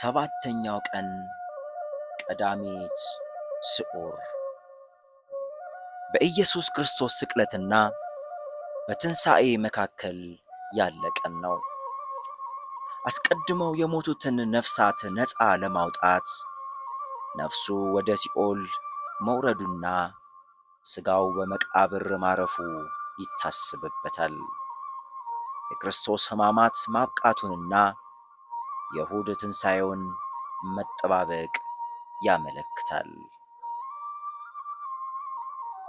ሰባተኛው ቀን ቀዳሜት ስዑር በኢየሱስ ክርስቶስ ስቅለትና በትንሣኤ መካከል ያለ ቀን ነው። አስቀድመው የሞቱትን ነፍሳት ነፃ ለማውጣት ነፍሱ ወደ ሲኦል መውረዱና ሥጋው በመቃብር ማረፉ ይታስብበታል። የክርስቶስ ሕማማት ማብቃቱንና የእሁድ ትንሣኤውን መጠባበቅ ያመለክታል።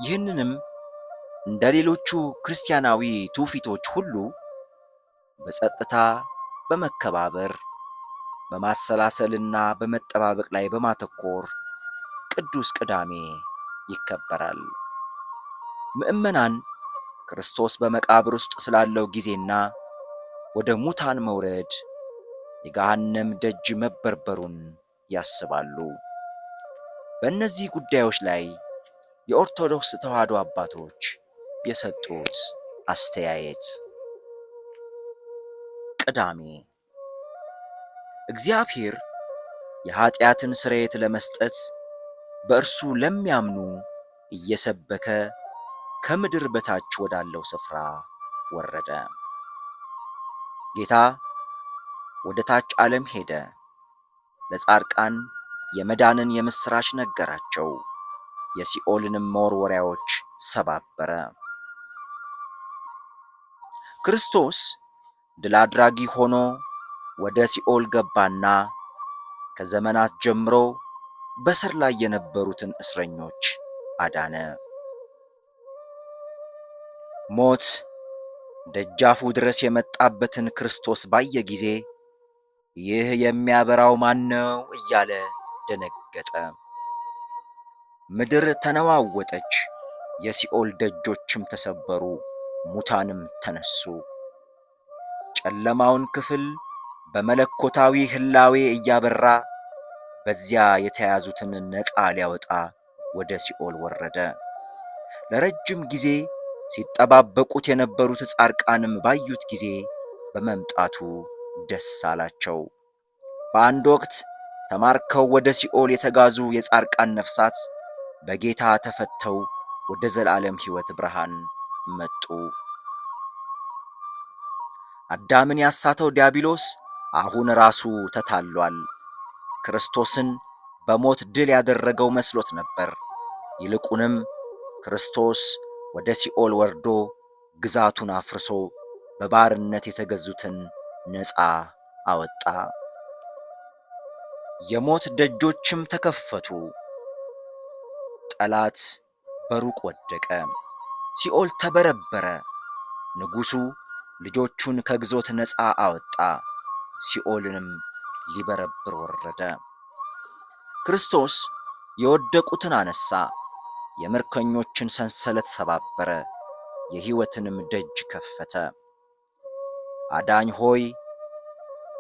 ይህንንም እንደ ሌሎቹ ክርስቲያናዊ ትውፊቶች ሁሉ በጸጥታ በመከባበር በማሰላሰልና በመጠባበቅ ላይ በማተኮር ቅዱስ ቅዳሜ ይከበራል። ምእመናን ክርስቶስ በመቃብር ውስጥ ስላለው ጊዜና ወደ ሙታን መውረድ የገሃነም ደጅ መበርበሩን ያስባሉ። በእነዚህ ጉዳዮች ላይ የኦርቶዶክስ ተዋሕዶ አባቶች የሰጡት አስተያየት ቅዳሜ እግዚአብሔር የኀጢአትን ስርየት ለመስጠት በእርሱ ለሚያምኑ እየሰበከ ከምድር በታች ወዳለው ስፍራ ወረደ። ጌታ ወደ ታች ዓለም ሄደ። ለጻድቃን የመዳንን የምሥራች ነገራቸው፣ የሲኦልንም መወርወሪያዎች ሰባበረ። ክርስቶስ ድል አድራጊ ሆኖ ወደ ሲኦል ገባና ከዘመናት ጀምሮ በስር ላይ የነበሩትን እስረኞች አዳነ። ሞት ደጃፉ ድረስ የመጣበትን ክርስቶስ ባየ ጊዜ ይህ የሚያበራው ነው? እያለ ደነገጠ። ምድር ተነዋወጠች፣ የሲኦል ደጆችም ተሰበሩ፣ ሙታንም ተነሱ። ጨለማውን ክፍል በመለኮታዊ ህላዌ እያበራ በዚያ የተያዙትን ነፃ ሊያወጣ ወደ ሲኦል ወረደ። ለረጅም ጊዜ ሲጠባበቁት የነበሩት ጻድቃንም ባዩት ጊዜ በመምጣቱ ደስ አላቸው። በአንድ ወቅት ተማርከው ወደ ሲኦል የተጋዙ የጻድቃን ነፍሳት በጌታ ተፈተው ወደ ዘላለም ሕይወት ብርሃን መጡ። አዳምን ያሳተው ዲያብሎስ አሁን ራሱ ተታሏል። ክርስቶስን በሞት ድል ያደረገው መስሎት ነበር። ይልቁንም ክርስቶስ ወደ ሲኦል ወርዶ ግዛቱን አፍርሶ በባርነት የተገዙትን ነፃ አወጣ። የሞት ደጆችም ተከፈቱ። ጠላት በሩቅ ወደቀ፣ ሲኦል ተበረበረ። ንጉሡ ልጆቹን ከግዞት ነፃ አወጣ፣ ሲኦልንም ሊበረብር ወረደ። ክርስቶስ የወደቁትን አነሳ፣ የምርኮኞችን ሰንሰለት ሰባበረ፣ የሕይወትንም ደጅ ከፈተ። አዳኝ ሆይ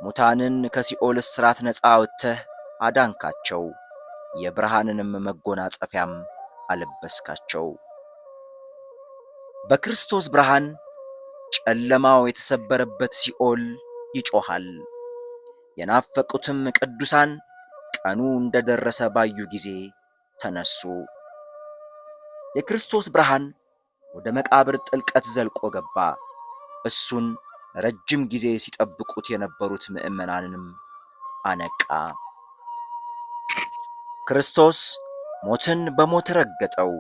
ሙታንን ከሲኦል እስራት ነፃ አውጥተህ አዳንካቸው፣ የብርሃንንም መጎናጸፊያም አለበስካቸው። በክርስቶስ ብርሃን ጨለማው የተሰበረበት ሲኦል ይጮኻል። የናፈቁትም ቅዱሳን ቀኑ እንደደረሰ ባዩ ጊዜ ተነሱ። የክርስቶስ ብርሃን ወደ መቃብር ጥልቀት ዘልቆ ገባ። እሱን ረጅም ጊዜ ሲጠብቁት የነበሩት ምዕመናንንም አነቃ። ክርስቶስ ሞትን በሞት ረገጠው።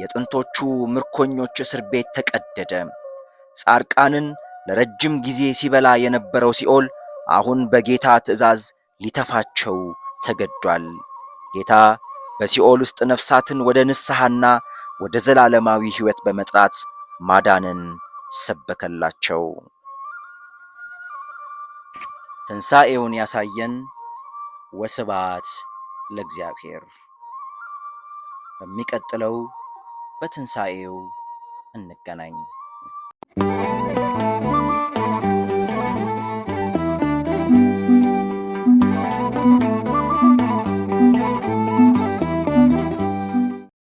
የጥንቶቹ ምርኮኞች እስር ቤት ተቀደደ። ጻድቃንን ለረጅም ጊዜ ሲበላ የነበረው ሲኦል አሁን በጌታ ትእዛዝ ሊተፋቸው ተገዷል። ጌታ በሲኦል ውስጥ ነፍሳትን ወደ ንስሐና ወደ ዘላለማዊ ሕይወት በመጥራት ማዳንን ሰበከላቸው። ትንሣኤውን ያሳየን። ወስብሐት ለእግዚአብሔር። በሚቀጥለው በትንሣኤው እንገናኝ።